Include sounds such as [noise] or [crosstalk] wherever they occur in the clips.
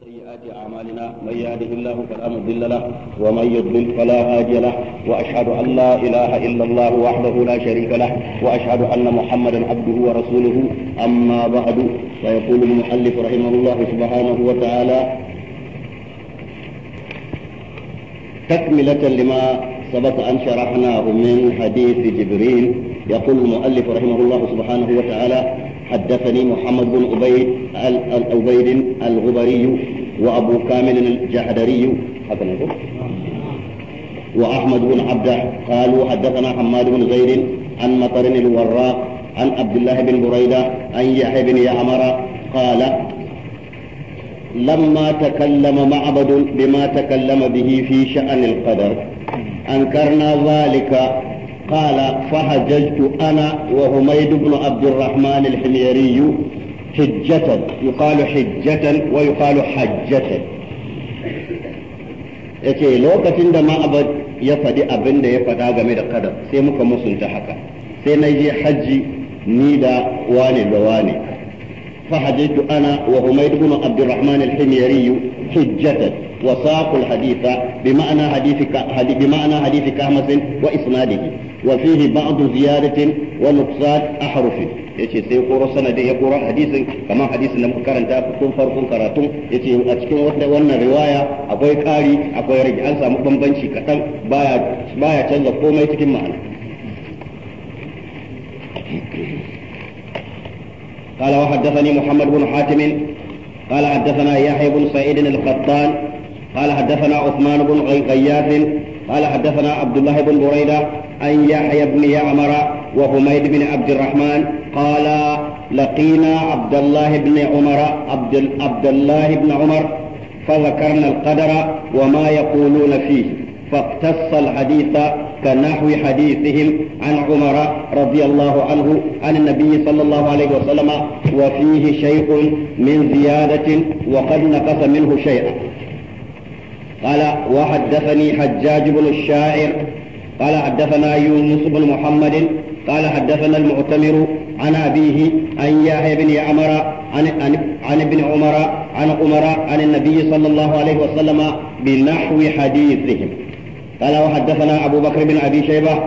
سيئات أعمالنا من يهده الله فلا مضل له ومن يضلل فلا هادي له وأشهد أن لا إله إلا الله وحده لا شريك له وأشهد أن محمدا عبده ورسوله أما بعد فيقول المؤلف رحمه الله سبحانه وتعالى تكملة لما سبق أن شرحناه من حديث جبريل يقول المؤلف رحمه الله سبحانه وتعالى حدثني محمد بن عبيد العبيد الغبري وابو كامل الجحدري واحمد بن عبده قالوا حدثنا حماد بن زيد عن مطر الوراق عن عبد الله بن بريده عن يحيى بن يعمر قال لما تكلم معبد بما تكلم به في شأن القدر أنكرنا ذلك قال فهججت أنا وهميد بن عبد الرحمن الحميري حجة يقال حجة ويقال حجة yace lokacin da ma ya يفدي ابن da ya faɗa game سيمك kadar sai muka musunta haka sai na je أنا وهميد بن عبد الرحمن الحميري حجة وساق الحديث بمعنى حديث بمعنى حديث كهمس وإسناده وفيه بعض زيادة ونقصان أحرف yace sai koro sanadin ya koro hadisin kamar hadisin da muka karanta tun farkon karatu yace a cikin wannan riwaya akwai ƙari akwai rage an samu bambanci kaɗan baya baya canza komai cikin ma'ana قال وحدثني محمد بن حاتم قال حدثنا يحيى بن سعيد القطان قال حدثنا عثمان بن غياث قال حدثنا عبد الله بن بريده عن يحيى بن يعمر وحميد بن عبد الرحمن قالا لقينا عبد الله بن عمر عبد, عبد الله بن عمر فذكرنا القدر وما يقولون فيه فاقتص الحديث كنحو حديثهم عن عمر رضي الله عنه عن النبي صلى الله عليه وسلم وفيه شيء من زيادة وقد نقص منه شيئا قال وحدثني حجاج بن الشاعر قال حدثنا يونس بن محمد قال حدثنا المعتمر عن أبيه عن يحيى بن عمر عن, عن, عن ابن عمر عن عمر عن النبي صلى الله عليه وسلم بنحو حديثهم قال وحدثنا أبو بكر بن أبي شيبة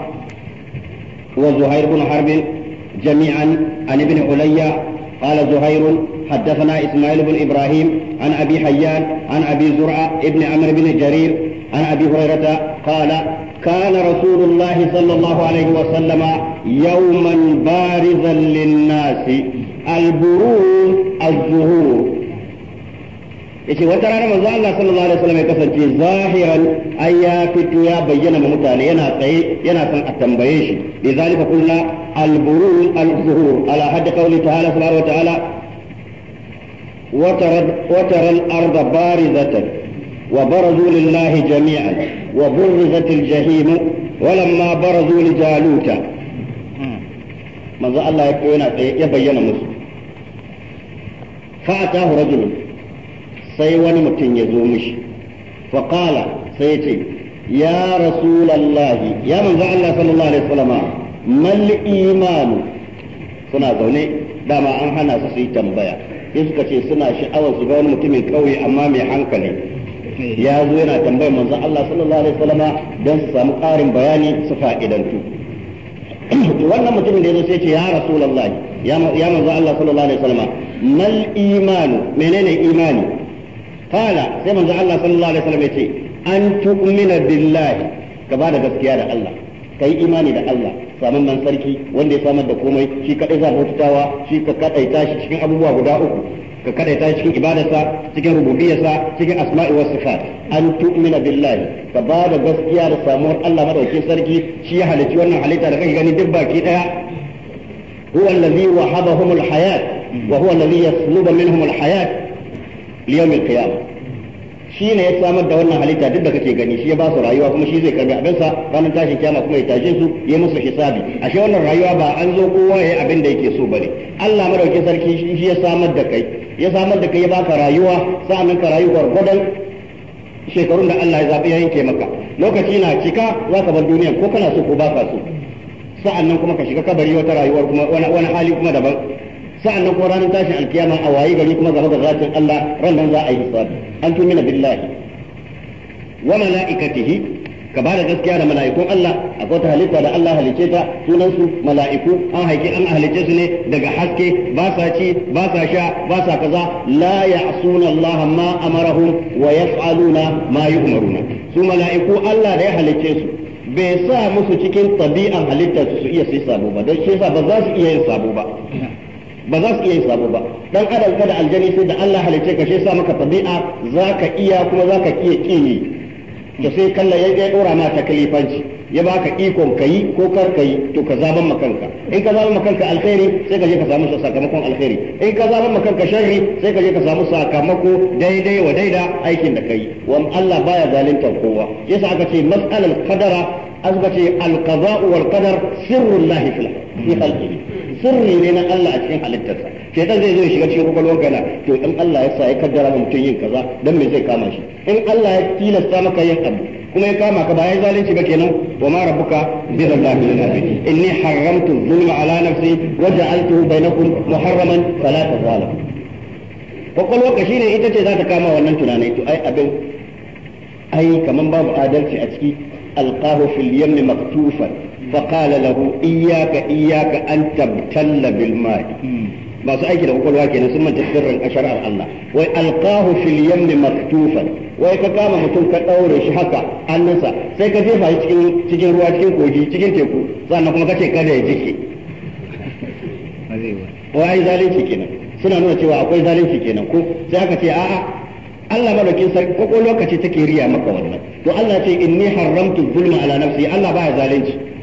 وزهير بن حرب جميعا عن ابن علي قال زهير حدثنا إسماعيل بن إبراهيم عن أبي حيان عن أبي زرعة ابن عمرو بن جرير عن أبي هريرة قال كان رسول الله صلى الله عليه وسلم يوما بارزا للناس البرون الظهور إيشي وترانا ما الله صلى الله عليه وسلم يكسر شيء ظاهرا أيا في تيا بينا ممتان ينا قي ينا لذلك قلنا البرون الظهور على حد قوله تعالى سبحانه وتعالى وترى الأرض بارزة وبرزوا لله جميعا وبرزت الجحيم ولما برزوا لجالوت manzo Allah ya koyana tsaye ya bayyana musu fa'atahu rajulun sai wani mutum ya zo mishi fa sai ya ce ya rasulullah ya manzo Allah sallallahu alaihi wasallam mal imanu suna zaune dama an hana su suyi tambaya iska ce suna sha'awar su ga wani mutumin kauye amma mai hankali ya zo yana tambayar manzon Allah sallallahu alaihi wasallam don su samu ƙarin bayani su fa'idantu wannan mutumin da ya sai ce ya rasulullahi ya manzon Allah sallallahu alaihi wasallam mal imanu menene imani kala sai manzon Allah sallallahu alaihi wasallama ce an tu'mina billahi ka ba da gaskiya da Allah kai imani da Allah samun nan sarki wanda ya samar da komai shi kadai za bautawa shi ka kadaita shi cikin abubuwa guda uku ka kadaita cikin ibadarsa cikin rububiyarsa cikin asma'i was sifat an tu'mina billahi ka ba da gaskiya da samuwar Allah madaukakin sarki shi ya halici wannan halitta da kake gani duk baki daya huwa allazi wahabahum alhayat wa huwa allazi yaslubu minhum alhayat liyawm alqiyamah shi ne ya samar da wannan halitta duk da kake gani shi ya ba su rayuwa kuma shi zai karbi abinsa ranar tashin kiyama kuma ya tashe su ya musu hisabi ashe wannan rayuwa ba an zo kowa ya abin da yake so bane Allah madaukakin sarki shi ya samar da kai ya samar da kai ya baka rayuwa sa'annan ka rayu gwargwadon shekarun da Allah ya zaɓi ya yanke maka lokaci na cika za ka bar duniya ko kana so ko ba ka so sa'annan kuma ka shiga kabari wata rayuwa kuma wani hali kuma daban sa'annan kuma ranar tashin alkiyama a wayi gari kuma gaba ga zatin Allah ran nan za a yi hisabi an tumina billahi wa mala'ikatihi ka ba da gaskiya da mala'ikun Allah akwai ta halitta da Allah halice ta sunan su mala'iku an haike an halice su ne daga haske ba sa ci ba sa sha ba sa kaza la ya'suna Allah ma amarahum wa yaf'aluna ma yu'maruna su mala'iku Allah da ya halice su bai sa musu cikin tabi'an halittar su iya sai sabo ba don shi yasa ba za su iya yin sabo ba ba za su iya yin sabo ba dan adam kada aljani sai da Allah halice ka shi yasa maka tabi'a zaka iya kuma zaka iya kini da sai kalla ya ya dora ma kalifanci ya baka ikon yi ko kar yi to ka zaban makanka in ka zaban makanka alkhairi sai ka je ka samu sakamakon alkhairi in ka zaban makanka sharri sai ka je ka samu sakamako daidai wa daida aikin da kai wa Allah baya zalunta kowa yasa aka ce mas'alal qadara aka alkaza al-qada'u wal qadar fil sirri ne na Allah a cikin halittarsa shaitan zai zo ya shiga cikin kwakwalwar kana to in Allah ya sa ya kaddara ma mutum yin kaza dan me zai kama shi in Allah ya tilasta maka yin abu kuma ya kama ka ba ya zalunci ba kenan wa ma rabbuka bi zalimin lil abid inni haramtu zulma ala nafsi wa ja'altuhu bainakum muharraman fala tazalamu kwakwalwar ka shine ita ce za ta kama wannan tunanai to ai abin ai kaman babu adalci a ciki ألقاه في اليم مكتوفا فقال له إياك إياك أن تبتل بالماء ba su aiki da kwakwalwa kenan sun manta sirrin a shari'ar Allah wai alqahu fil maktufan wai ka kama mutum ka daure shi haka hannunsa sai ka jefa cikin ruwa cikin kogi cikin teku sannan kuma kace kada ya wai suna nuna cewa akwai zalunci kenan ko sai aka ce a'a Allah bakin sarki ko lokaci take riya maka wannan to Allah ce inni haramtu zulma ala nafsi Allah baya zalunci wa ma bi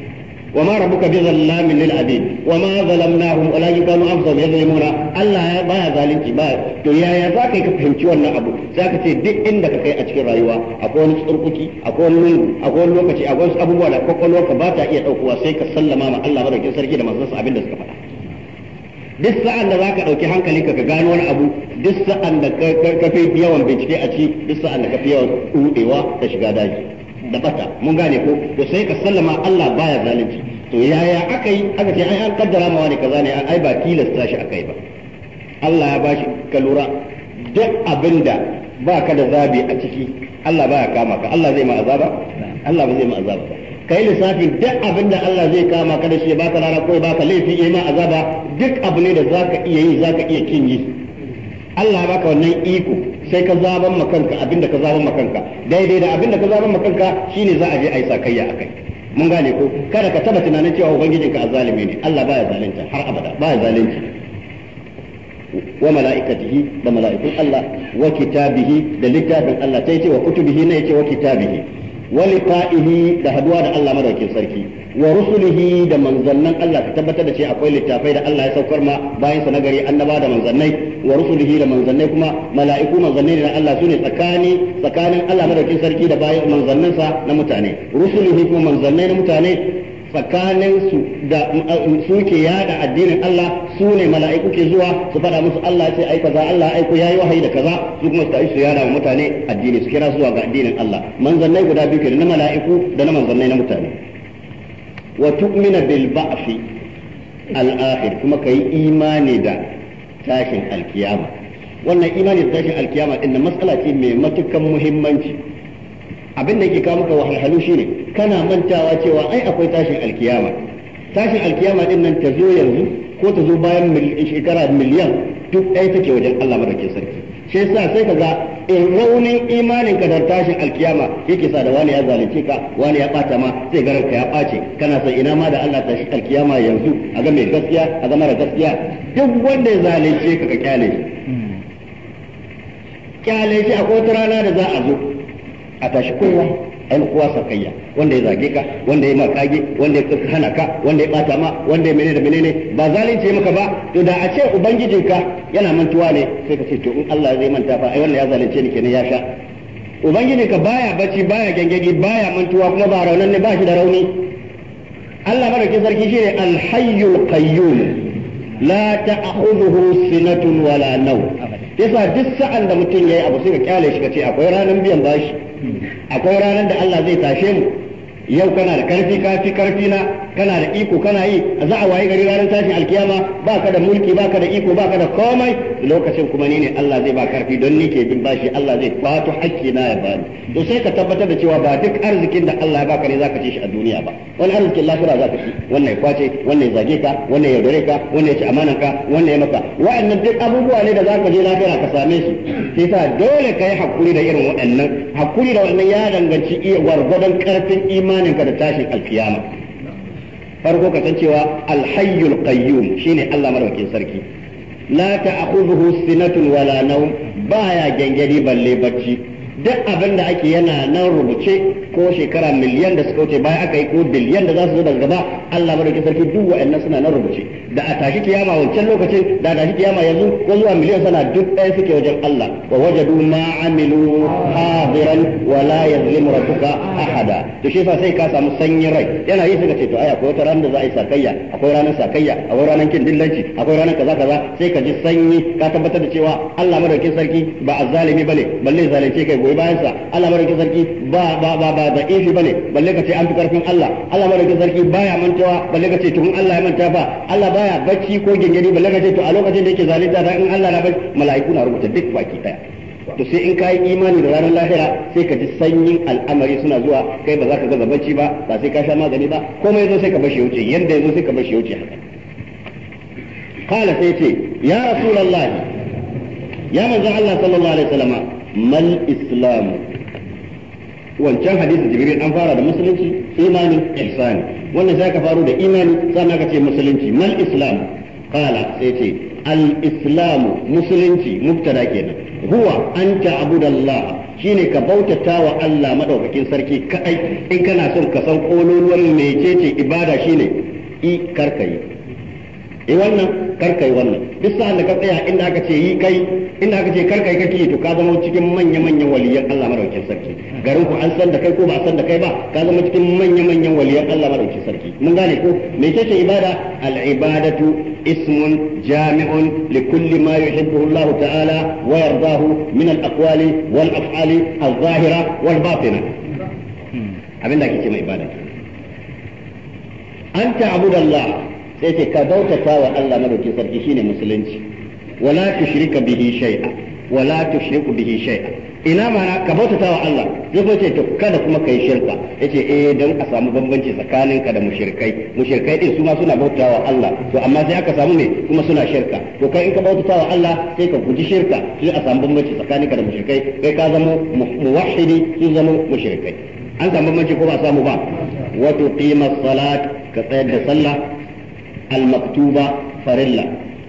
وما ربك بظلام للعبيد وما ظلمناهم ولكن كانوا انفسهم Allah ba ya zalunci ba to yaya za ka yi ka fahimci wannan abu za ka ce duk inda ka kai a cikin rayuwa akwai wani tsurkuki akwai wani lungu akwai wani lokaci akwai wasu abubuwa da kwakwalwarka ba ta iya ɗaukowa sai ka sallama ma Allah bakin sarki da manzon abin da suka faɗa duk sa'an da zaka dauki hankalinka ka gano wani abu duk sa'an da ka fi yawan bincike a ci duk sa'an da ka fi yawan tsudewa ka shiga daji da bata mun gane ko to sai ka sallama Allah baya zalunci to yaya aka yi aka ce ai an kaddara ma wani kaza ne ai ba tilasta shi akai ba Allah ya bashi ka lura duk abinda baka da zabi a ciki Allah baya kama ka Allah zai ma azaba Allah ba zai ma azaba ba ka yi lissafin duk abin da Allah zai kama ka da shi ya baka rana ko baka laifi ya ma azaba duk abu ne da zaka iya yi zaka iya kin yi Allah ya baka wannan iko sai ka zaban kanka abin da ka zaban kanka daidai da abin da ka zaban kanka shine za a je a sakayya akai mun gane ko kada ka taba tunanin cewa ka azzalimi ne Allah baya zalunta har abada baya zalunci wa mala'ikatihi da mala'ikun Allah wa kitabihi da littafin Allah sai ce wa kutubihi ne yace wa kitabihi ولقائه da haduwa da Allah madaukin sarki wa rusulihi da manzannan Allah ka tabbatar da ce akwai littafai da Allah ya saukar ma bayan sa nagari annaba da manzannai wa rusulihi da manzannai kuma mala'iku manzannai da Allah sune tsakani tsakanin Allah madaukin sarki da bayan manzannansa na mutane rusulihi kuma manzannai na mutane tsakanin da su ke yada addinin Allah su ne mala'iku ke zuwa su fada musu Allah ce ai kaza Allah aiko yayi wahayi da kaza su kuma su tashi su yada wa mutane addini su kira zuwa ga addinin Allah manzannai guda biyu kenan na mala'iku da na manzannai na mutane wa tu'mina bil ba'fi al-akhir kuma kai imani da tashin alkiyama wannan imani da tashin alkiyama din matsala ce mai matukan muhimmanci abin da yake kawo maka wahalhalu shine kana mantawa cewa ai akwai tashin alkiyama tashin alkiyama din nan ta zo yanzu ko ta zo bayan shekara miliyan duk ɗaya take wajen Allah madaukin sarki shi yasa sai kaga in raunin imanin ka da tashin alkiyama yake sa da wani ya zalunce ka wani ya bata ma sai garan ka ya bace kana san ina ma da Allah tashin alkiyama yanzu a ga mai gaskiya a ga mara gaskiya duk wanda ya zalunce ka ka kyale shi hmm. kyale shi akwai wata rana da za a zo a tashi kowa a yi kowa sakayya wanda ya zage ka wanda ya makage wanda ya hana ka wanda ya bata ma wanda ya menene da menene ba zalunci maka ba to da a ce ubangijinka yana mantuwa ne sai ka ce to in Allah zai manta fa ai wannan ya zalunce ni kenan ya sha ubangijinka baya bacci baya gangagi baya mantuwa kuma ba raunan ne ba shi da rauni Allah madaukin sarki shine alhayyul qayyum la ta'khudhuhu sinatun wala nawm yasa duk sa'an da mutum yayi abu sai ka kyale shi ka ce akwai ranan biyan bashi akwai ranar da Allah zai tashe mu yau kana da karfi ka fi karfi na kana da iko kana yi za a waye gari ranar tashin alkiyama baka da mulki baka da iko baka da komai lokacin kuma ni ne Allah zai ba karfi don ni ke bin bashi Allah zai kwato hakki na ya bani to sai ka tabbatar da cewa ba duk arzikin da Allah ya baka ne zaka ci shi a duniya ba wani arzikin lafiya zaka ci wannan ya kwace wannan ya zage ka wannan ya yaudare ka wannan ya ci amanan ka wannan ya maka wa'annan duk abubuwa ne da zaka je lafiya ka same shi sai sa dole ka yi hakuri da irin waɗannan hakuri da wannan ya danganci iya gwargwadon karfin imaninka da tashin alkiyama farko ka san cewa alhayyul qayyum shine Allah marwakin sarki la ta'khudhuhu sinatun wala nawm baya gangari balle bacci duk abin da ake yana nan rubuce ko shekara miliyan da suka wuce bayan aka yi ko biliyan da za su zo daga gaba Allah madauki sarki duk wa'annan suna nan rubuce da a tashi kiyama wancan lokacin da a tashi kiyama yanzu ko zuwa miliyan sana duk ɗaya suke wajen Allah wa wajadu ma amilu hadiran wa la yazlimu rabbuka ahada to shi yasa sai ka samu sanyin rai yana yi suka ce to aya ko wata ranar da za a yi sakayya akwai ranar sakayya akwai ranar kin dillanci akwai ranar kaza kaza sai ka ji sanyi ka tabbatar da cewa Allah madaukin sarki ba azzalimi bane balle zalunce kai goyi bayan sa Allah madaukakin sarki ba ba ba ba da ishi bane balle ka ce an fi karfin Allah Allah madaukakin sarki baya mantawa balle ka ce to Allah ya manta ba Allah baya bacci ko gengedi balle ka ce to a lokacin da yake zalunta dan in Allah na bai mala'iku na rubuta duk baki daya to sai in kai imani da ranar lahira sai ka ji sanyin al'amari suna zuwa kai ba za ka gaza bacci ba ba sai ka sha magani ba komai yazo sai ka bashi wuce yanda yazo sai ka bashi wuce haka qala sai ce ya rasulallah ya manzon Allah sallallahu alaihi wasallam mal islam wancan hadisin jibril an fara da musulunci imani ihsani wannan sai ka faru da imani sannan ka ce musulunci mal islam qala sai ce al islamu musulunci mubtada kenan huwa anta abudallah shine ka bautata wa Allah madaukakin sarki kai in kana son ka san kololuwar mecece ibada shine i karkai yi eh, wannan karkai wannan duk sa'an da ka tsaya inda aka ce yi kai inda aka ce karkai kake yi to ka zama cikin manya manyan waliyan Allah madaukakin sarki garin ku an san da kai ko ba san da kai ba ka zama cikin manya manyan waliyan Allah madaukakin sarki mun gane ko me ce ibada al ibadatu yuhibbu Allah ta'ala wa yardahu min al aqwali wal af'ali al zahira wal batina hmm. abinda كما mai ibada anta abudallah sai ce ka bautata wa Allah madaukin sarki shine musulunci wala tushrika bihi shay'a wala tushriku bihi shay'a ina mana ka bautata wa Allah zai ce to kada kuma kai shirka yace eh dan a samu bambanci tsakanin ka da mushrikai mushrikai din su ma suna bautata wa Allah to amma sai aka samu me kuma suna shirka to kai in ka bautata wa Allah sai ka guji shirka sai a samu bambanci tsakanin ka da mushrikai kai ka zama muwahhidi sai zama mushrikai an samu bambanci ko ba samu ba wato qima salat ka tsayar da sallah المكتوبة فرلا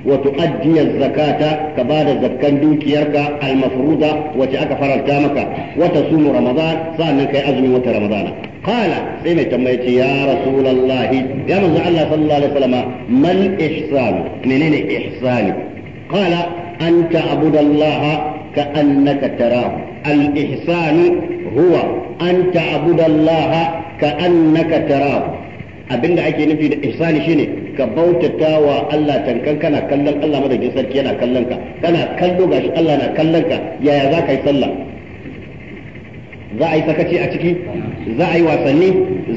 وتؤدي الزكاة كبعد زكاة دوكيرك المفروضة وتأك فرلتامك وتصوم رمضان سألنك أزمي وتر رمضان قال سيمة تميت يا رسول الله يا مزع الله صلى الله عليه وسلم ما الإحسان منين الإحسان قال أن تعبد الله كأنك تراه الإحسان هو أن تعبد الله كأنك تراه abinda ake nufi da ihsani shine ka bautata wa Allah tankan kana kallon Allah madaukin sarki yana kallon ka kana kallo gashi Allah na kallon ka yaya za ka yi sallah za a yi sakaci a ciki za a yi wasanni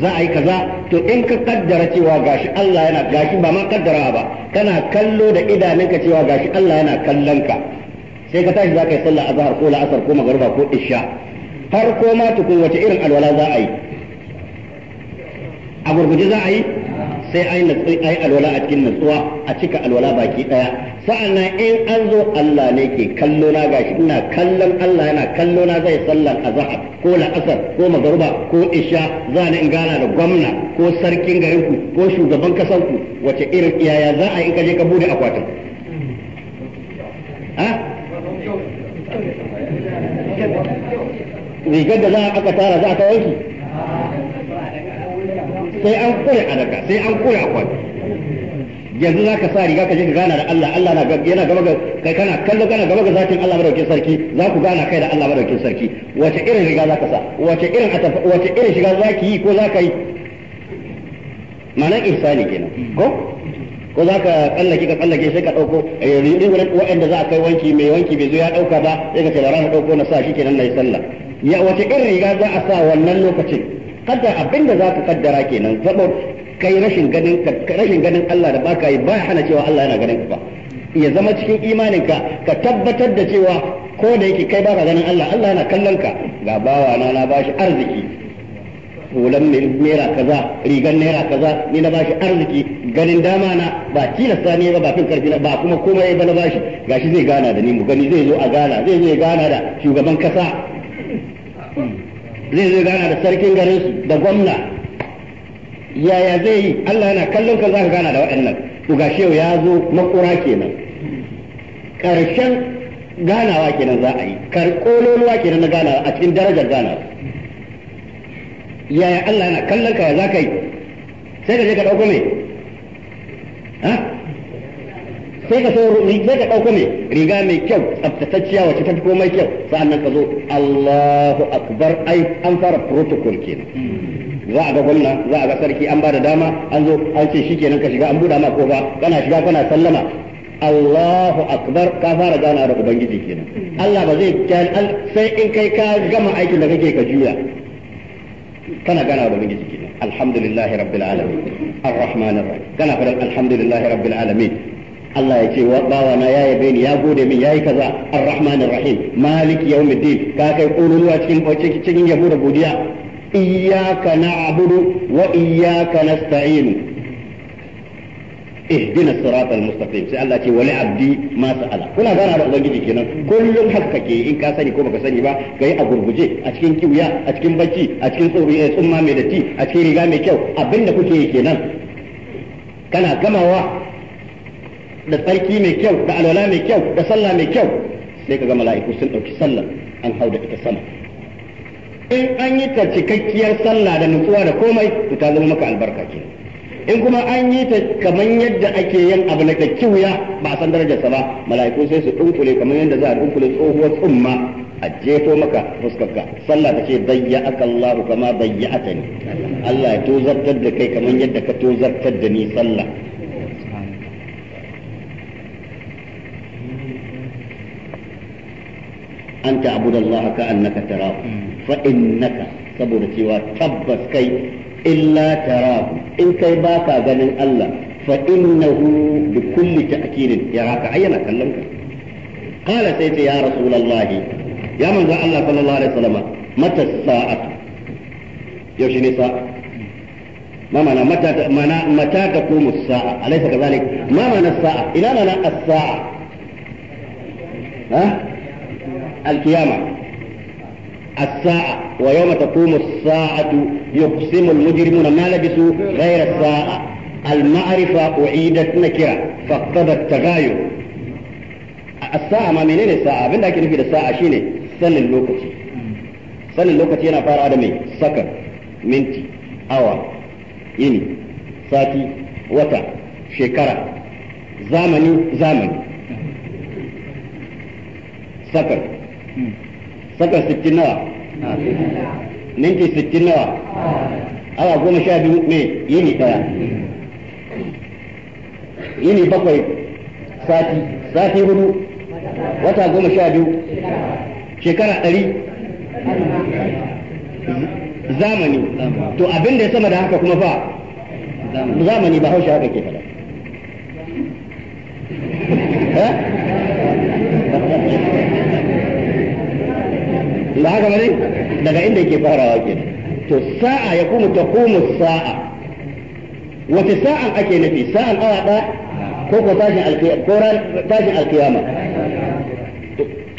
za a yi kaza to in ka kaddara cewa gashi Allah yana gashi ba ma kaddara ba kana kallo da idanunka cewa gashi Allah yana kallon ka sai ka tashi za ka yi sallah azhar ko la'asar ko magariba ko isha har ko ma tukun wace irin alwala za a yi a gurguje za a yi sai a yi alwala a cikin nutsuwa, a cika alwala baki daya sa'annan in an zo Allah ne ke kallo na gashi ina kallon Allah yana kallo na zai sallar azhar ko la'asar ko magaruba, ko isha za ni in gana da gwamna ko sarkin garinku ko shugaban kasar ku wace irin iyaya za a yi kaje ka bude akwatin rigar da za a aka tara za a kawo sai an koya a daga sai an koya a kwan yanzu za ka sa riga ka je ka gana da Allah Allah na yana gaba ga kai kana kallo kana gaba ga zatin Allah madaukin sarki za ku gana kai da Allah madaukin sarki wace irin riga za ka sa wace irin wace irin shiga za ki yi ko za ka yi ma'anar ihsani kenan ko ko za ka tsallake ka tsallake sai ka ɗauko eh, rigunan waɗanda za a kai wanki mai wanki bai zo ya dauka ba sai ka ce da na dauko na sa shi kenan na yi sallah ya wace irin riga za a sa wannan lokacin kada abin da za ka kaddara kenan sabon kai rashin ganin rashin ganin Allah da baka yi ba hana cewa Allah yana ganin ka ba ya zama cikin imaninka ka tabbatar da cewa ko da yake kai baka ganin Allah Allah yana kallon ka ga bawa na na bashi arziki hulan naira kaza rigan naira kaza ni na bashi arziki ganin dama na ba tilasta ne ba ba karfi ba kuma komai ba na bashi gashi zai gana da ni mu gani zai zo a gana zai zo ya gana da shugaban kasa zai zai gana da sarkin garin su da gwamna yaya zai yi Allah yana kallon ka za ka gana da waɗannan to gashi ya zo makura kenan karshen ganawa kenan za a yi kololuwa kenan na ganawa a cikin darajar ganawa yaya Allah yana kallon ka za ka yi sai ka je ka ɗauko mai ha sai ka sai sai ka dauko ne riga mai kyau tsaftatacciya wacce ta fi mai kyau sa'annan ka zo Allahu akbar ai an fara protocol kenan za a ga gwamna za a ga sarki an ba da dama an zo an ce shikenan ka shiga an buɗa ma ko kofa kana shiga kana sallama Allahu akbar ka fara gana da ubangiji kenan Allah ba zai sai in kai ka gama aikin da kake ka juya kana gana da ubangiji kenan alhamdulillahi rabbil alamin arrahmanir rahim kana fara alhamdulillahi rabbil alamin Allah ya ce wa bawana ya yabe ni ya gode min yayi kaza ar-rahman ar-rahim malik yawmiddin ka kai kururuwa cikin cikin yabo da godiya iyyaka na'budu wa iyyaka nasta'in اهدنا الصراط المستقيم sai Allah ce wali abdi ma sa'ala kuna gana da ubangiji kenan kullum haka ke in ka sani ko baka sani ba yi a gurguje a cikin kiwiya a cikin bacci a cikin eh, tsumma mai datti a cikin riga mai kyau abinda kuke kenan kana gamawa da tsarki mai kyau da alwala mai kyau da sallah mai kyau sai ka ga mala'iku sun ɗauki sallah an hau da ita sama in an yi ta cikakkiyar sallah da nutsuwa da komai to ta zama maka albarka ke in kuma an yi ta kaman yadda ake yin abu na kyakkyuya ba san san darajarsa ba mala'iku sai su dunkule kamar yadda za a dunkule tsohuwar tsumma a jefo maka fuskarka sallah ta ce dayya'aka Allahu kama ni. Allah ya tozartar da kai kamar yadda ka tozartar da ni sallah أن تعبد الله كأنك تراه فإنك سبب سوى تبس كي إلا تراه إن كي باكا غنن الله فإنه بكل تأكيد يراك عينا كلمك قال سيدي يا رسول الله يا من ذا الله صلى الله عليه وسلم متى الساعة يوشني ساعة ما معنى متى متى تقوم الساعة أليس كذلك ما معنى الساعة إلى معنى الساعة ها القيامة الساعة ويوم تقوم الساعة يقسم المجرمون ما لبثوا غير الساعة المعرفة أعيدت نكرة فاقتضى التغاير الساعة ما منين الساعة abin da ake nufi da sa'a shine sanin lokaci sanin lokaci yana fara da mai sakar awa yini sati wata shekara zamani zamani saka sittin nawa ninki sittin nawa awa goma sha biyu ne yini daya yini bakwai sati sati hudu wata goma sha biyu shekara ɗari zamani to abin da ya sama da haka kuma fa zamani ba haushe haka ke fada eh? لاحظ مالي لغا عندي كي بارا واجن تساعة يقوم تقوم الساعة وتساعة أكي نفي ساعة أعطى آه آه. كوكو تاجن القرآن تاجن القيامة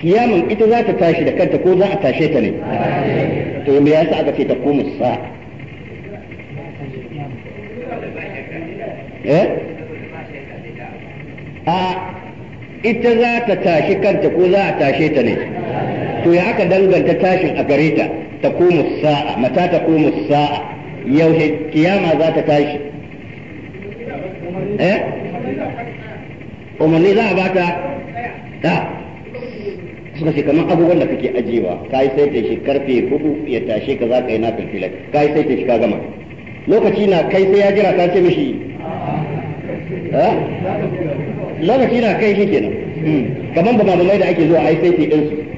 قيامة إذا لا تتاشي لكن تقول لا أتاشيتني تقول يا ساعة في تقوم الساعة إيه؟ آه إتو لا تتاشي كان تقول لا أتاشيتني to ya aka danganta tashin a gare ta taqumu sa'a mata ta taqumu sa'a yaushe kiyama za ta tashi eh umarni za a bata da suka ce kamar abubuwan da kake ajiyewa ka yi saita shi karfe hudu ya tashe ka za ka yi na filfilar ka yi saita shi ka gama lokaci na kai sai ya jira ka ce mishi lokaci na kai shi kenan hmm. kamar ba mamamai da ake zuwa a yi saita ɗinsu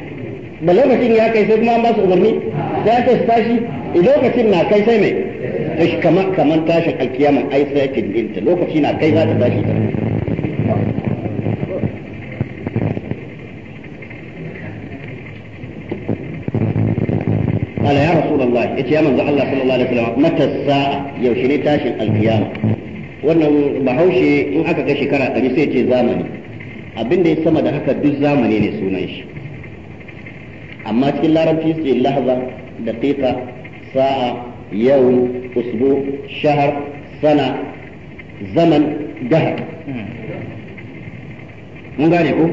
da lokacin ya kai sai kuma an ba su umarni sai aka su tashi lokacin na kai sai mai ish kamar kamar tashin alkiyama ai sai kin dinta lokaci na kai za ta tashi قال يا رسول الله اتي يا من الله صلى الله عليه وسلم متى الساعة يوشني تاشن القيامة wannan bahaushe in aka ga shekara ɗari sai ce zamani abin da ya sama da haka duk zamani ne sunan shi amma cikin larabci su ce lahza daqiqa sa'a yau usbu shahar sana zaman dahar mun gane ko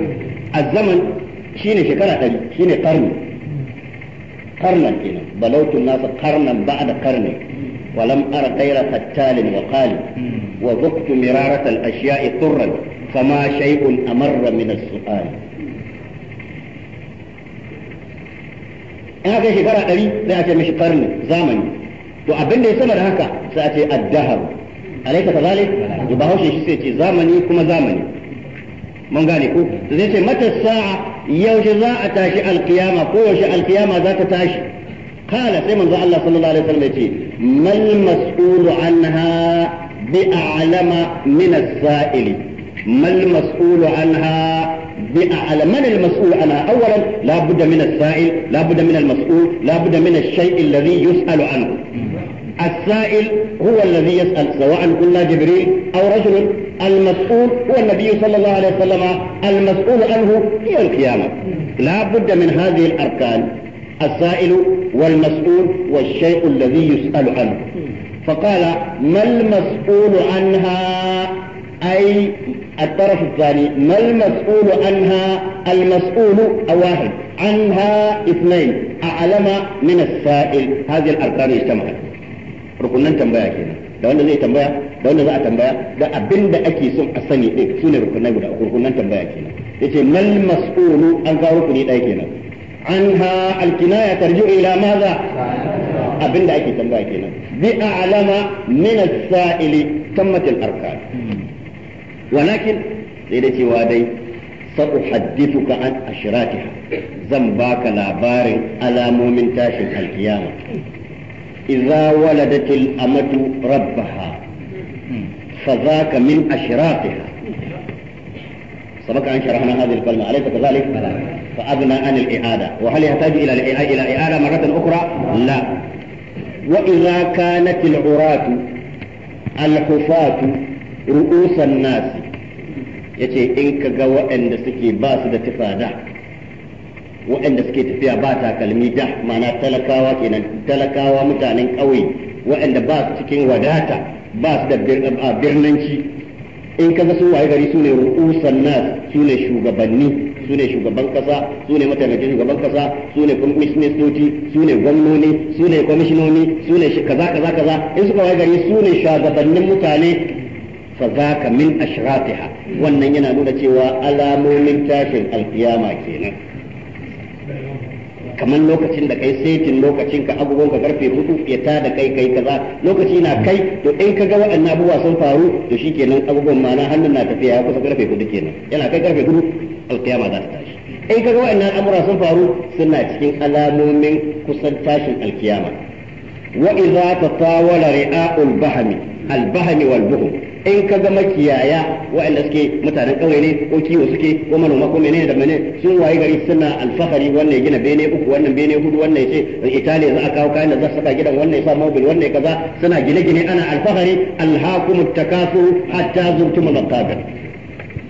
a zaman shine shekara ɗari shine ƙarni ƙarnan kenan balautun nasa ƙarnan ba'da ƙarni ولم أر غير قتال وقال وذقت مرارة الأشياء طرا فما شيء أمر من السؤال in haka shekara ɗari sai a ce mishi karni zamani to abin da ya sama da haka sai a ce addahar alaika ta zalik to ba haushe shi sai ce zamani kuma zamani mun gane ko zai ce mata sa'a yaushe za a tashi alkiyama ko yaushe alkiyama za ta tashi kala sai manzo Allah sallallahu alaihi wasallam ya ce mal mas'ulu anha bi a'lama min as-sa'ili mal mas'ulu anha على من المسؤول أنا أولا لا بد من السائل لا بد من المسؤول لا بد من الشيء الذي يسأل عنه السائل هو الذي يسأل سواء قلنا جبريل أو رجل المسؤول هو النبي صلى الله عليه وسلم المسؤول عنه هي القيامة لا بد من هذه الأركان السائل والمسؤول والشيء الذي يسأل عنه فقال ما المسؤول عنها أي الطرف الثاني ما المسؤول عنها المسؤول واحد عنها اثنين أعلم من السائل هذه الأركان اجتمعت rukunan tambaya kenan da wanda zai tambaya da wanda za a tambaya da abin ake son a sani ɗin su ne rukunan guda rukunan tambaya kenan yace mal mas'ulu an kawo rukuni ɗaya kenan anha alkinaya tarji'u ila maza abin da ake tambaya kenan a'lama ولكن سيدتي وادي سأحدثك عن أشراتها زنباك لا لابار على مؤمن تاشد الكيام إذا ولدت الأمة ربها فذاك من أشراتها سبق أن شرحنا هذه الكلمة أليس كذلك؟ فأغنى عن الإعادة وهل يحتاج إلى إلى إعادة مرة أخرى؟ لا وإذا كانت العراة الحفاة ru'usan nasi yace in ka ga waɗanda suke ba su da tufa da waɗanda suke tafiya ba takalmi da ma'ana talakawa kenan talakawa mutanen ƙauye waɗanda ba su cikin wadata ba su da birnanci in ka ga sun waye gari su ne ru'usan nasi su ne shugabanni su ne shugaban kasa su ne mataimakin shugaban kasa su ne ministoci su ne gwamnoni su ne kwamishinoni su ne kaza kaza kaza in suka waye gari su ne shugabannin mutane fazaka min ashratiha wannan yana nuna cewa alamomin tashin alkiyama kenan kamar lokacin da kai setin lokacin ka abubuwan ka karfe hudu ya ta da kai kai kaza lokaci na kai to in ka ga waɗannan abubuwa sun faru to shikenan abubuwan ma na hannun na tafiya ya kusa karfe hudu kenan yana kai karfe hudu alkiyama za ta tashi in ka ga waɗannan al'amura sun faru suna cikin alamomin kusan tashin alkiyama wa idza tatawala ri'a'ul bahmi al bahmi wal buhum in ka ga makiyaya waɗanda suke mutanen ƙauye ne ko kiwo suke ko manoma ko menene da menene sun waye gari suna alfahari wannan gina bene uku wannan bene hudu wannan ce italiya za a kawo kayan da za saka gidan wannan sa mobil wannan kaza suna gine-gine ana alfahari alhaqum takasu hatta zurtum al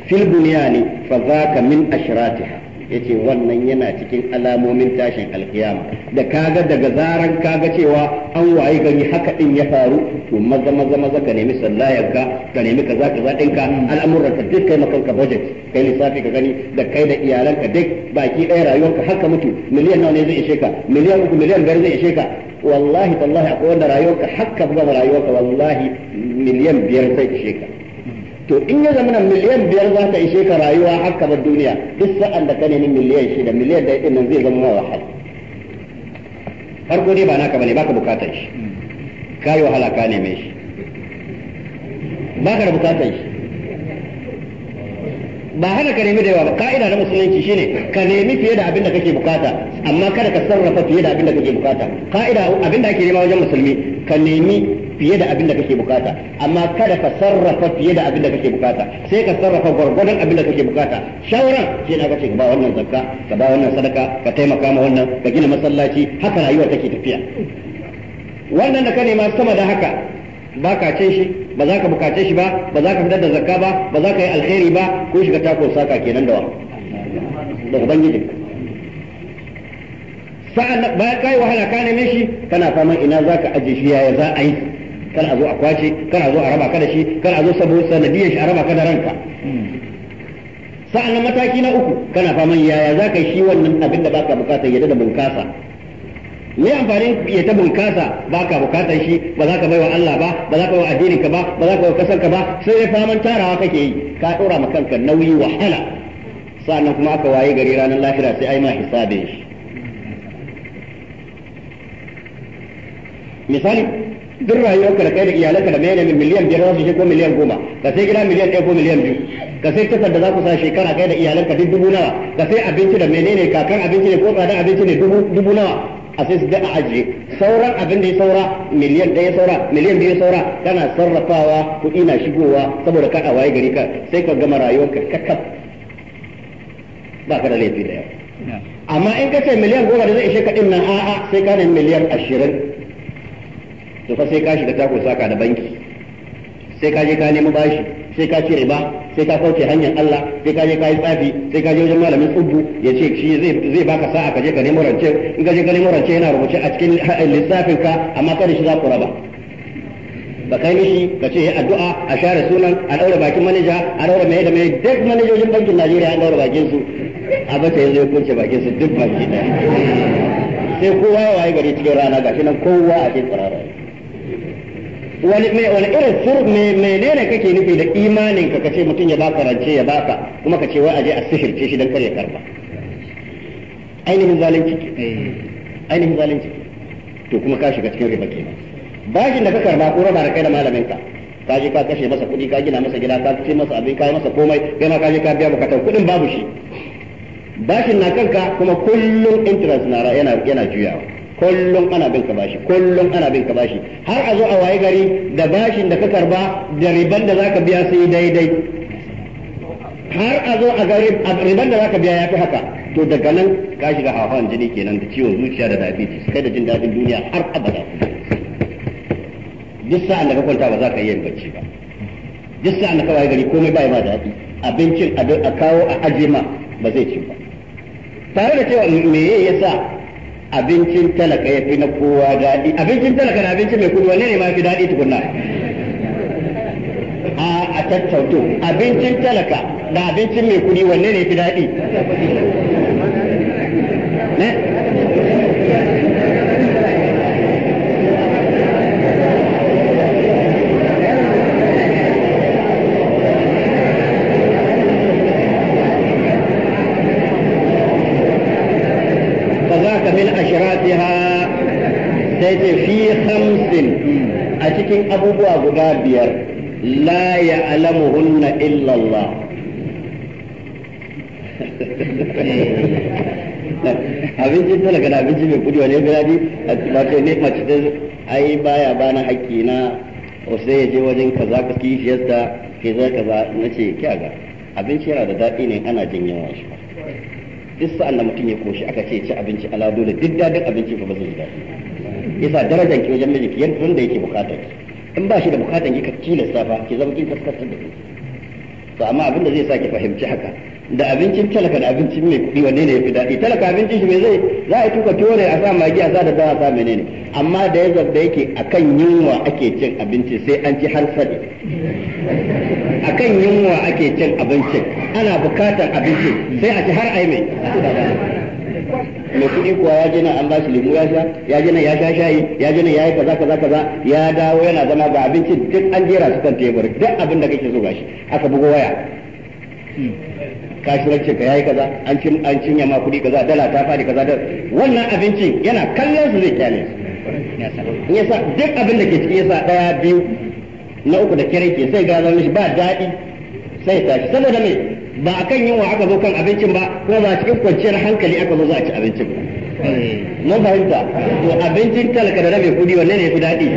fil bunyani fa zaka min ashratiha yace wannan yana cikin alamomin tashin alkiyama da kaga daga zaran kaga cewa an waye gari haka din ya faru to maza maza maza ka nemi sallayarka ka nemi kaza kaza dinka al'amuran ka duk kai ka budget kai lissafi ka gani da kai da iyalanka duk baki ɗaya rayuwarka haka mutu miliyan nawa ne zai ishe ka miliyan uku miliyan biyar zai ishe ka wallahi tallahi akwai wanda rayuwarka haka zama rayuwarka wallahi miliyan biyar zai ishe ka to in ya zama miliyan biyar za ta ishe ka rayuwa haka ba duniya duk sa'an da ka nemi miliyan shida miliyan da ɗin nan zai zama wahal farko dai ba naka bane baka bukatar shi ka yi wahala ka neme shi baka da bukatar shi ba hana ka nemi da yawa ba ka'ida na musulunci shine ka nemi fiye da abin da kake bukata amma kada ka sarrafa fiye da abin da kake bukata ka'ida abin da ake nema wajen musulmi ka nemi fiye da abin da kake bukata amma kada ka sarrafa fiye da abin da kake bukata sai ka sarrafa gwargwadon abin da kake bukata shawara sai na kace ka ba wannan zakka ka ba wannan sadaka ka taimaka ma wannan ka gina masallaci haka rayuwa take tafiya wannan da ka nema sama da haka ba ka ce shi ba za ka bukace shi ba ba za ka fitar da zakka ba ba za ka yi alheri ba ko shiga tako saka kenan da wa da ubangiji sa'an bayan kai wahala ka neme shi kana fama ina za ka aje shi yaya za a yi kar a zo a kwace kar a zo a raba ka da shi kar a zo saboda sanadiyar shi a raba ka da ranka sa'annan mataki na uku kana faman yaya za ka shi wannan abin da baka bukata ya da bunkasa me amfanin ya ta bunkasa baka bukatar shi ba za ka baiwa Allah ba ba za ka baiwa addinin ka ba ba za ka baiwa kasar ka ba sai dai faman tarawa kake yi ka dora ma kanka nauyi wahala sa'annan kuma aka waye gari ranar lahira sai ai ma hisabin shi misali duk rayuwarka da kai da iyalanka da menene miliyan biyar za su ko miliyan goma ka sai gida miliyan ɗaya ko miliyan biyu ka sai kasar da za ku sa shekara kai da iyalanka duk dubu nawa ka sai abinci da menene kakan abinci ne ko tsadan abinci ne dubu nawa a sai su a ajiye sauran abin da ya saura miliyan ɗaya saura miliyan biyu saura kana sarrafawa kuɗi na shigowa saboda kada waye gari ka sai ka gama rayuwarka kakkaf ba ka da laifi da yawa amma in ka ce miliyan goma da zai ishe ka ɗin nan a'a sai ka ne miliyan ashirin to fa sai ka shiga tako saka da banki sai ka je ka nemi bashi sai ka ci riba sai ka kauce hanyar Allah sai ka je ka yi tsafi sai ka je wajen malamin tsubbu ya ce shi zai baka sa'a ka je ka nemi rance in ka je ka nemi rance yana rubuce a cikin lissafin ka amma kada shi za ku raba ba kai mishi ka ce addu'a a share sunan a daura bakin manaja a daura mai da mai duk manajojin bankin Najeriya an daura bakin su a ta yanzu ya kunce bakin su duk bakin sai kowa ya wayi gari cikin rana gashi nan kowa a cikin tsararrai wani mai wani irin ne menene kake nufi da imanin ka kace mutum ya baka rance ya baka kuma kace wai aje a sihirce shi dan kar ya karba ainihin zalunci eh. ainihin zalunci to kuma ka shiga cikin riba kenan bashin da ka karba ko raba da kai da malamin ka ka je ka kashe masa kuɗi ka gina masa gida ka ce masa abin ka yi masa komai kai ma ka je ka biya bukatar kuɗin babu shi bashin na kanka kuma kullum interest na yana yana juyawa kullum ana bin ka bashi kullum ana bin ka bashi har a zo a waye gari da bashin da ka karba da riban da zaka biya sai daidai har a zo a gari riban da zaka biya ya fi haka to daga nan ka shiga hawan jini kenan da ciwon zuciya da diabetes kai da jin dadin duniya har abada duk sa'an da ka kwanta ba za ka iya yin bacci ba duk sa'an da ka waye gari komai ba ya ma daɗi abincin a kawo a ajima ma ba zai ci ba tare da cewa me yasa abincin talaka ya fi na kowa daɗi abincin talaka na abincin mai kudi wanne ne ma fi daɗi tukunna a a tattauto abincin talaka da abincin mai kudi wanne ne fi daɗi eh? abubuwa guda biyar la ya'lamuhunna illa illallah [laughs] abinci tana gada abinci mai kudi wani gada bi a ce ne mace ta ai baya na haƙƙi na sai ya je wajen kaza ka kishiyarsa ke za ba na ce kyaga abinci yana da daɗi ne ana jin yawan shi duk sa'an da mutum ya koshi aka ce ci abinci ala dole duk daɗin abinci fa ba zai daɗi yasa darajar ki wajen mijinki yadda da yake bukatar ki in ba shi da bukatan ki ka tilasta safa ki zama kin kaskantar da kanki to amma abin da zai sa ki fahimci haka da abincin talaka da abincin mai kuɗi wanne ne yafi daɗi talaka abincin shi mai zai za a tuka tore a sa magi a sa da dawa sa menene amma da ya zabda yake akan yunwa ake cin abinci sai an ci har sadi akan yunwa ake cin abincin ana bukatan abinci sai a ci har ai mai mai kuɗi kuwa ya je nan an shi lemu ya sha ya je nan ya sha shayi ya je nan ya yi kaza kaza kaza ya dawo yana zama ga abinci duk an jera su kan tebur duk abin da kake so gashi aka bugo waya kashirancin ka yayi kaza an cin an cinya ma kuɗi kaza dala ta fadi kaza da wannan abincin yana kallon su zai kyale su yasa duk abin da ke ciki yasa daya biyu na uku da kirki ke sai ga zama ba daɗi sai tashi saboda me ba a kan yunwa aka zo kan abincin ba kuma ba cikin kwanciyar hankali aka zo za a ci abincin mun fahimta to abincin talaka da rabe kudi wanne ne fi daɗi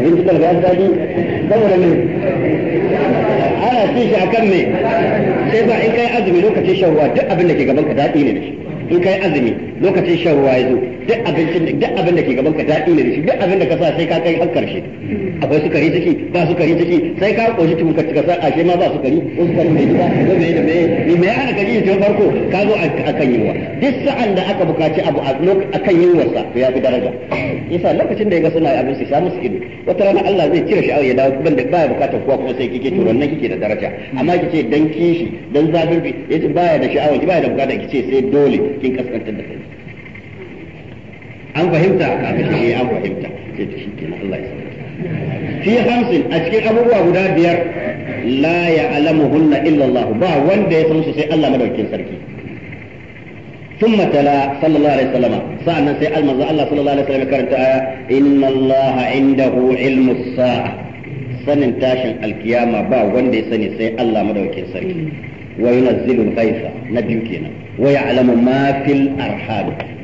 abincin talaka ya fi daɗi saboda ne ana cin shi a kan me sai ba in kai azumi lokacin shan ruwa duk abin da ke gaban ka daɗi ne da shi in kai azumi lokacin shan ruwa ya zo duk abincin duk abin da ke gaban ka daɗi ne da shi duk abin da ka sa sai ka kai har karshe akwai sukari ciki ba sukari ciki sai ka koshi cikin ka cika sa ashe ma ba sukari ko sukari mai gida ko mai da mai mai ana kaji tun farko ka zo a kan yunwa duk sa'an da aka bukaci abu a kan yunwar sa ya fi daraja yasa lokacin da ya ga suna abin su sha musu ido wata rana Allah zai cire shi ya dawo ban da baya bukatar kuwa kuma sai kike to wannan kike da daraja amma kike dan kishi dan zabirbi yace baya da sha'awar ki baya da bukatar kice sai dole kin kaskantar da kai an fahimta kafin an fahimta sai ta shi kenan Allah ya fi hamsin a cikin abubuwa guda biyar la ya'lamuhunna illa Allah ba wanda ya san su sai Allah madaukakin sarki ثم تلا صلى الله عليه وسلم سألنا سي المزا الله صلى الله عليه وسلم كرت آية إن الله عنده علم الساعة سنن تاشن القيامة با وندي سني سي الله مدوكين سركي wa yunazzilu al-ghaytha na biyu kenan wa ya'lamu ma fil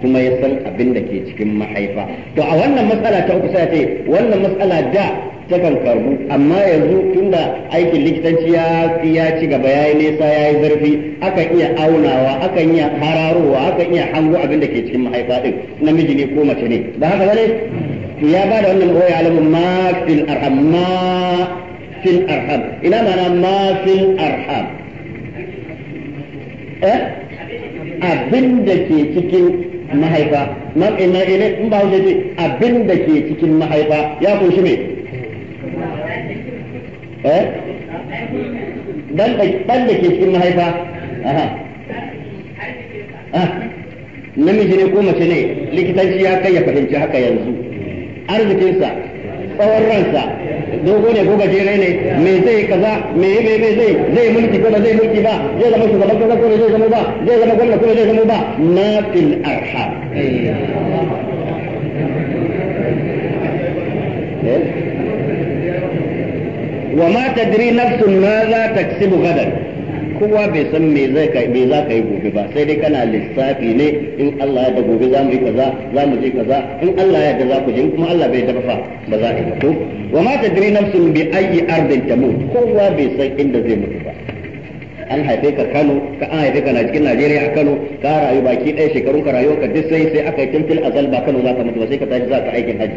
kuma ya san abin ke cikin mahaifa to a wannan matsala ta kusa sai wannan mas'ala da ta karbu amma yanzu tunda aikin likitanci ya ya ci gaba yayi nesa yayi zarfi akan iya aunawa akan iya hararowa akan iya hango abin da ke cikin mahaifa din namiji ne ko mace ne ba haka bane ya ba da wannan wa alamu ma fil arham ma fil arham ina mana ma fil arham Eh? abin da ke cikin mahaifa na ina ina in ba hujjaji abin da ke cikin mahaifa ya kunshi me eh dan da ke cikin mahaifa aha ah, namiji ne ko mace ne likitanci ya kai ya fahimci haka yanzu arzikinsa tsawon ransa دو گونے گوگا جی رہے نے میں دے کزا میں بے بے دے دے با دے زمان شو زمان کزا کولے دے زمان با دے زمان کولے کولے دے زمان با نا فی الارحام إيه؟ وما تدري نفس ماذا تكسب غدا kowa bai san me zai kai me za ka yi gobe ba sai dai kana lissafi ne in Allah ya da gobe za mu yi kaza za mu je kaza in Allah ya da za ku je in kuma Allah bai da fa ba za a yi to wa ma tadri nafsun bi ayyi ardin tamut kowa bai san inda zai mutu ba an haife ka Kano ka an haife ka na cikin Najeriya a Kano ka rayu baki ɗaya shekarun ka rayuwa ka duk sai sai aka yi tuntul azal ba Kano za ka mutu ba sai ka tashi za ka aikin haji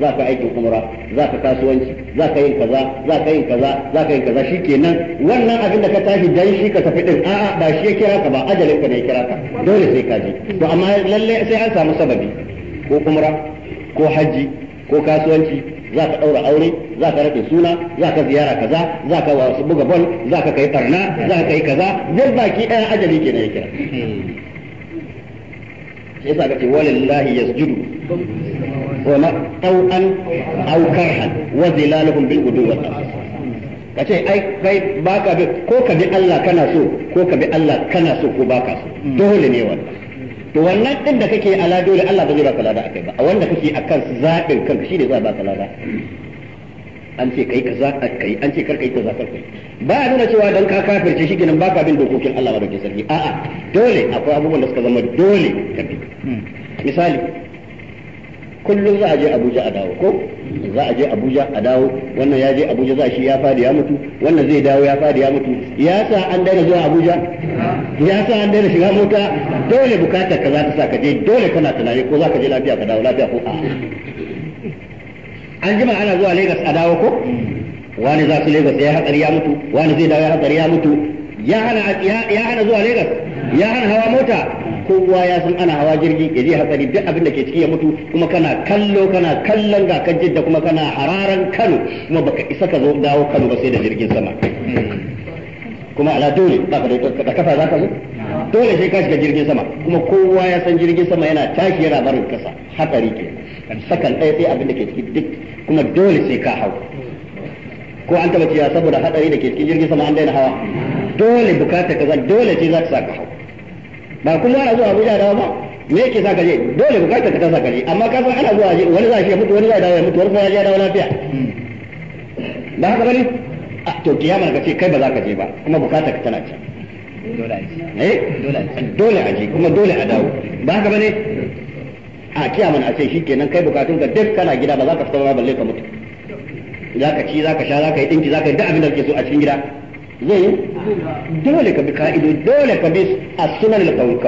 za ka aikin umra za ka kasuwanci za ka yin kaza za ka yin kaza za ka yin kaza shikenan wannan abin da ka tashi dan shi ka tafi din a'a ba shi ya kira ka ba ajalin ka ne ya kira ka dole sai ka je to amma lalle sai an samu sababi ko umra ko haji ko kasuwanci za ka ɗaura aure za ka raɗe suna za ka ziyara kaza za ka wasu buga bol za ka kai barna za ka yi kaza duk baki ɗaya ajali ke na ya kira sai sa ka ce walillahi yasjudu طوعا أو كرها وظلالهم بالغدو والآصال ka ce ai kai baka bi ko ka bi Allah kana so ko ka bi Allah kana so ko baka so dole ne wannan to wannan din da kake ala dole Allah ba zai baka lada akai ba a wanda kake akan zaɓin kanka shi ne za baka lada an ce kai kaza kai an ce kar kai kaza kar kai ba ya nuna cewa dan ka kafirce shi kenan baka bin dokokin Allah ba sarki a'a dole akwai abubuwan da suka zama dole ka bi hmm. misali kullum za a je abuja a dawo ko za a je abuja a dawo wannan ya je abuja za shi ya fadi ya mutu wannan zai dawo ya fadi ya mutu ya sa an daina zuwa abuja ya sa an daina shiga mota dole bukatar ka za ta sa ka je dole kana tunani ko za ka je lafiya ka dawo lafiya ko a an jima ana zuwa lagos a dawo ko wani za su lagos ya hatsari ya mutu wani zai dawo ya hatsari ya mutu ya hana zuwa lagos ya hana hawa mota kowa ya san ana hawa jirgi ya je hatsari duk abin da ke ciki ya mutu kuma kana kallo kana kallon ga kan jidda kuma kana hararan Kano kuma baka isa ka zo dawo Kano ba sai da jirgin sama kuma ala dole ba ka da kafa za ka zo dole sai ka shiga jirgin sama kuma kowa ya san jirgin sama yana tashi yana barin kasa hatsari ke sakan ɗaya sai abin da ke ciki duk kuma dole sai ka hau ko an taba cewa saboda hatsari da ke cikin jirgin sama an daina hawa dole bukata kaza dole sai za ka sa ka hau ba kullum ana zuwa Abuja dawo ba me yake sa kaje dole bukatar ka ta sa kaje amma ka san ana zuwa wani za shi ya mutu wani za ya mutu wani sai ya dawo lafiya hmm. ba haka bane to kiyama ka ce kai ba za ka je ba kuma bukatar ka tana can dole a je eh? kuma dole a dawo ba haka bane a kiyama a ce shi kenan kai bukatun ka duk kana gida ba za ka fita ba balle ka mutu za ka ci za ka sha za ka yi dinki za ka yi duk abin da kake so a cikin gida zai yi dole ka bi ka'ido dole ka bi as-sunan al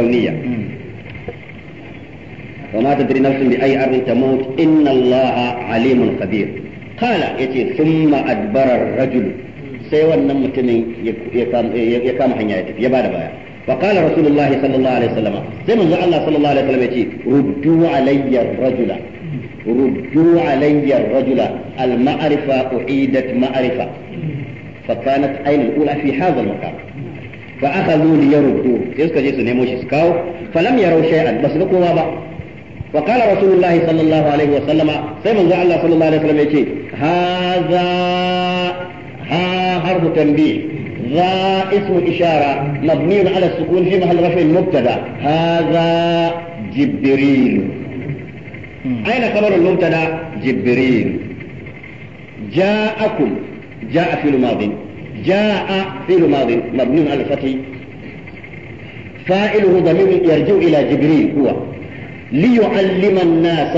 wa ma tadri nafsun bi ayi ardin tamut inna allaha alimun khabir qala yace thumma adbara ar-rajul sai wannan mutumin ya kama hanya ya tafi ya bada baya وقال رسول الله صلى الله عليه وسلم زي ما الله صلى الله عليه وسلم يجي ردوا علي الرجل ردوا علي الرجل فكانت عين الأولى في هذا المكان فأخذوا ليردوه يسكا جيسو نيموشي سكاو فلم يروا شيئا بس بقوا با وقال رسول الله صلى الله عليه وسلم سيما زع الله صلى الله عليه وسلم يتي هذا ها حرف تنبيه ذا اسم إشارة مبني على السكون في محل رفع المبتدا هذا جبريل أين خبر المبتدا جبريل جاءكم جاء في الماضي جاء في الماضي مبني على الفتح فاعله ضمير يرجع إلى جبريل هو ليعلم الناس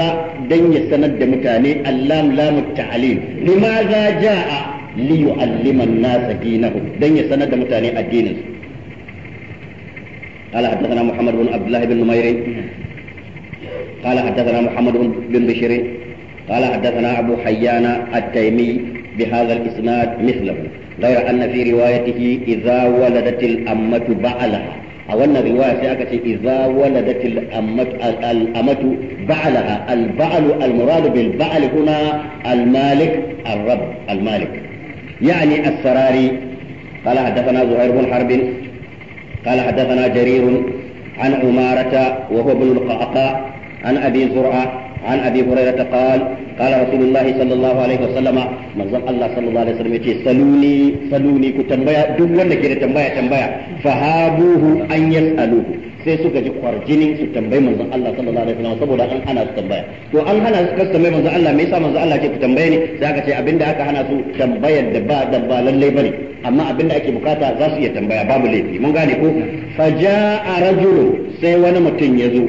دن يستند متاني اللام لام التعليم لماذا جاء ليعلم الناس دينهم دن يستند متاني الدين قال حدثنا محمد بن عبد الله بن نمير قال حدثنا محمد بن بشير قال حدثنا أبو حيان التيمي بهذا الإسناد مثله غير أن في روايته إذا ولدت الأمة بعلها أو أن الرواية سيأكد إذا ولدت الأمة, الأمة بعلها البعل المراد بالبعل هنا المالك الرب المالك يعني السراري قال حدثنا زهير بن حرب قال حدثنا جرير عن عمارة وهو ابن القعقاع عن أبي زرعة عن أبي هريرة قال قال رسول الله صلى الله عليه وسلم من زم الله صلى الله عليه وسلم يتي سلوني سلوني كتنبيا دون ولا كده تنبيا تنبيا فهابوه أن يسألوه sai suka ji kwarjini su tambayi manzon Allah sallallahu alaihi wasallam saboda an hana su tambaya to an hana su tambayi manzon Allah me yasa manzon Allah ce ku tambaye ni sai aka ce abinda aka hana su tambayar da ba da ba lalle bane amma abinda ake bukata za su iya tambaya babu laifi mun gane ko faja'a rajulun sai wani mutum ya zo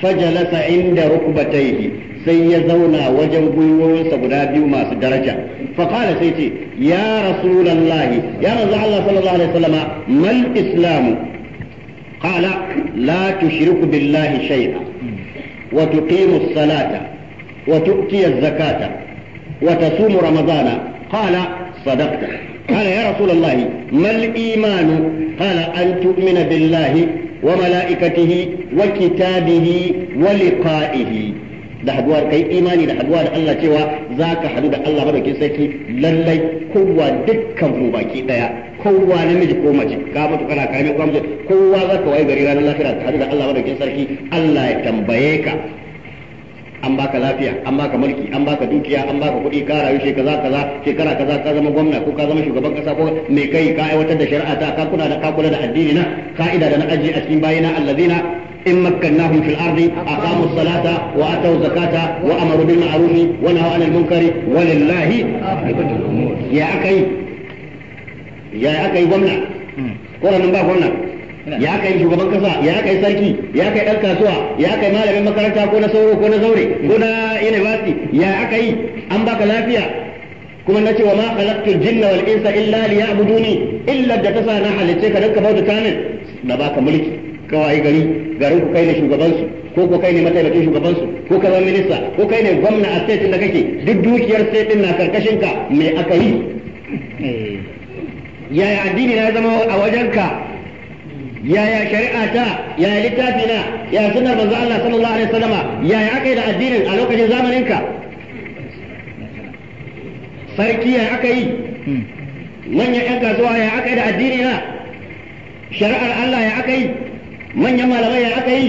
fajalasa inda rukbatayhi sai ya zauna wajen gwiwoyinsa guda biyu masu daraja faƙala sai ce ya rasulallahi ya manzo Allah sallallahu alaihi wasallama mal islamu qala la tushriku billahi shay'a wa tuqimu as-salata wa tu'ti az-zakata wa tasumu ramadana qala sadaqta قال يا رسول الله ما الإيمان قال أن تؤمن بالله وملائكته وكتابه ولقائه da haduwar kai imani da haduwa da Allah cewa za ka hadu da Allah madaukin sarki lallai kowa dukkan mu baki daya kowa namiji ko mace ka mutu kana karami ko mace kowa za ka wayi gari ranar lafiya ka hadu da Allah madaukin sarki Allah ya tambaye ka an baka lafiya an baka mulki an baka dukiya an baka kuɗi ka rayu shekara kaza shekara kaza ka zama gwamna ko ka zama shugaban kasa ko me kai ka aiwatar da shari'a ta ka kula da ka kula da addini na ka'ida da na aji a cikin bayina allazina salata wa في الأرض أقاموا الصلاة وأتوا الزكاة وأمروا بالمعروف ونهوا عن المنكر ولله يا أكي يا أكي gwamna hmm. ko من ba gwamna. ya kai shugaban kasa ya kai sarki ya kai dan kasuwa ya kai malamin makaranta ko na sauro ko na zaure ko na university ya aka yi an baka lafiya kuma na ce wa ma khalaqtu jinna wal insa illa liya'buduni illa da tasa na halicce ka danka bauta kamin na baka mulki kawai gari garin ku kai ne su ko ko kai ne mataimakin shugaban su ko ka zama minista ko kai ne gwamna a state da kake duk dukiyar state din na karkashin ka me aka yi eh. yaya addini na zama a wajenka yaya shari'a ta yaya littafi na ya sunnar manzo Allah sallallahu alaihi wasallama yaya aka yi da addinin a lokacin zamanin ka sarki ya aka yi hmm. manyan yan kasuwa ya aka yi da addini na shari'ar Allah ya aka yi manyan malamai ya aka yi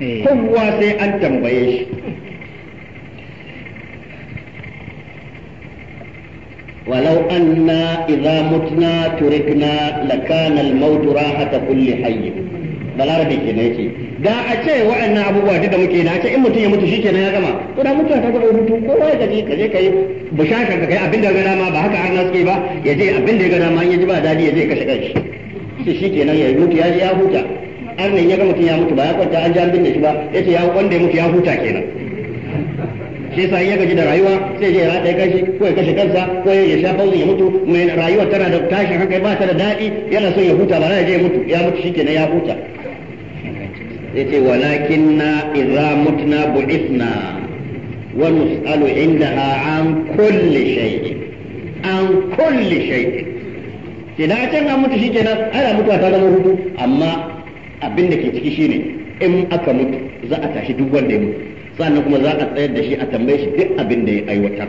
eh. kowa sai an tambaye shi ولو أنا إذا متنا تركنا لكان الموت راحة كل حي balarabe ke ne ce da a ce wa'annan abubuwa duk da muke na ce in mutum ya mutu shi kenan ya gama to da mutum ta gaba mutu kowa ya je kaje kai bushashan ka kai abin da gana ma ba haka har na suke ba ya je abin da ya gana ma in ya ji ba dadi ya je kashe kashi. shi kenan ya mutu ya ya huta arnin ya ga mutum ya mutu ba ya kwanta an ji an binne shi ba ce ya wanda ya mutu ya huta kenan shi yasa ya gaji da rayuwa sai ya ya kashi ko ya kashe kansa ko ya sha fauzin ya mutu mai rayuwa tana da tashin hankali ba ta da daɗi yana son ya huta ba ya je ya mutu ya mutu shikenan ya huta yace walakinna idza mutna bu'ithna wa nus'alu indaha an kulli shay'in an kulli shay'in idan can an mutu shi shikenan ana mutuwa ta zama hutu amma abin da ke ciki shine in aka mutu za a tashi duk wanda ya mutu sannan kuma za a tsayar da shi a tambaye shi duk abin da ya aiwatar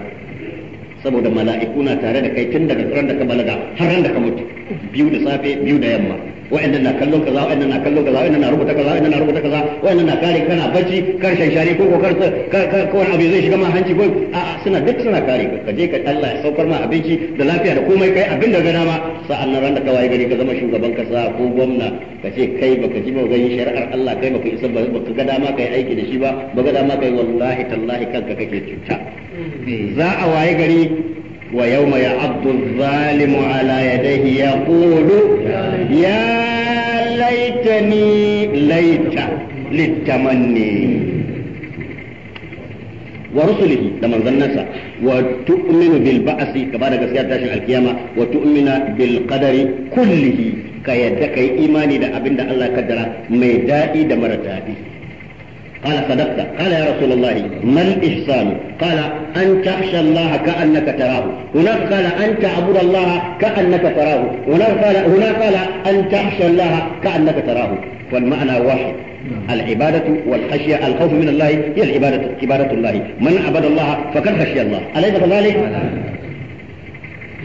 saboda mala'iku na tare da kai tun daga ran da ka balaga har da ka mutu biyu da safe biyu da yamma wa'annan na kallon kaza wa'annan na kallon kaza wa'annan na rubuta kaza wa'annan na rubuta kaza wa'annan na kare kana bacci kar share ko ko ka ko wani abu zai shiga ma hanci ko a suna duk suna kare ka kaje ka Allah ya saukar ma abinci da lafiya da komai kai abin da gana ma sa'an nan randa kawai gari ka zama shugaban kasa ko gwamna ka ce kai baka ji ba ganin shari'ar Allah kai baka isa ba baka ga dama kai aiki da shi ba baka ga dama kai wallahi tallahi kanka kake cuta hmm. za a waye gari ويوم يعض الظالم على يديه يقول يا ليتني ليت للتمني ورسله لمن ظننسا وتؤمن بالبعث كما daga gaskiya tashin alkiyama wa bilkadari bil qadari kullihi ka yadda kai imani da abinda Allah kadara mai daɗi da mara dadi قال صدقت قال يا رسول الله ما الإحسان قال أن تخشى الله كأنك تراه هناك قال أن تعبد الله كأنك تراه هناك قال, هناك قال أن تخشى الله كأنك تراه والمعنى واحد العبادة والخشية الخوف من الله هي العبادة عبادة الله من عبد الله فقد خشي الله أليس كذلك؟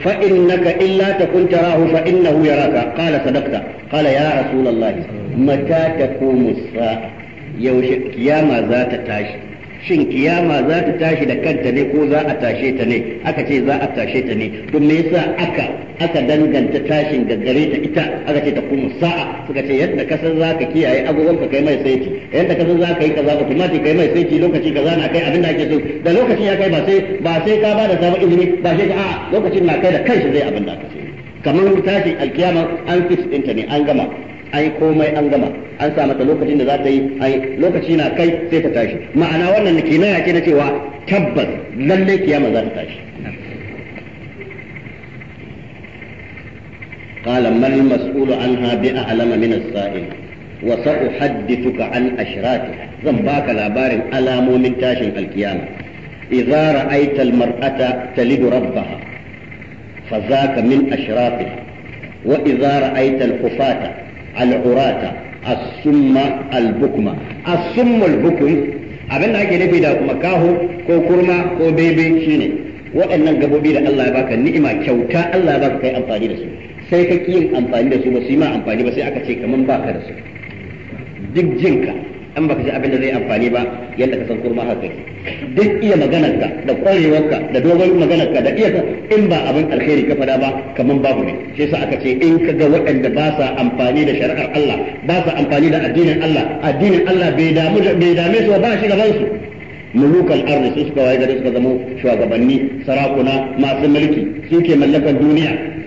فإنك إلا تكن تراه فإنه يراك قال صدقت قال يا رسول الله متى تقوم الساعة yaushe kiyama za ta tashi shin kiyama za ta tashi da kanta ne ko za a tashe ta ne aka ce za a tashe ta ne to me yasa aka aka danganta tashin gaggare ta ita aka ce ta kuma sa'a suka ce yadda ka san zaka kiyaye abubuwan ka kai mai saiti yadda ka san zaka yi kaza automatic kai mai saiti lokaci kaza na kai abinda ake so da lokacin ya kai ba sai ba sai ka bada sabon izini ba sai ka a lokacin na kai da kanshi zai abinda ka aka ce kamar tashin alkiyama an fix ɗinta ne an gama ai komai an gama an sa mata lokacin da za ta yi ai lokaci na kai sai ta tashi ma'ana wannan ke naya ce na cewa tabbas lalle kiyama za ta tashi قال ما المسؤول عنها بأعلم من السائل وسأحدثك عن أشراكها زنباك لابار ألام من تاشن القيامة إذا رأيت المرأة تلد ربها فذاك من أشراكها وإذا رأيت الحفاة al'urata as-summa al-bukma summa al abin da ake nufi da makaho ko kurma ko bebe shine waɗannan gabobi da Allah ya baka ni'ima kyauta Allah ya baka kai amfani da su sai ka yin amfani da su ba su yi ma amfani ba sai aka ce kamar baka da su duk jinka an baka ji abin da zai amfani ba yadda ka san kurma haka duk iya maganarka da kwarewarka da dogon maganarka da iya in ba abin alheri ka fada ba kaman babu ne shi yasa aka ce in ka ga waɗanda ba sa amfani da shari'ar Allah ba sa amfani da addinin Allah addinin Allah bai damu bai dame su ba shi gaban su mulukan arzi su suka waye gari suka zama shugabanni sarakuna masu mulki suke mallakan duniya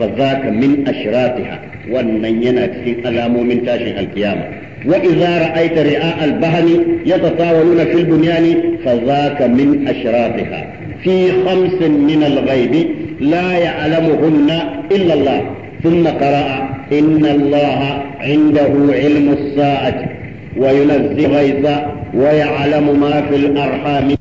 فذاك من أشراطها وأن في ألام من تاشي القيامة وإذا رأيت رعاء البهن يتطاولون في البنيان فذاك من أشراطها في خمس من الغيب لا يعلمهن إلا الله ثم قرأ إن الله عنده علم الساعة وينزل غيث ويعلم ما في الأرحام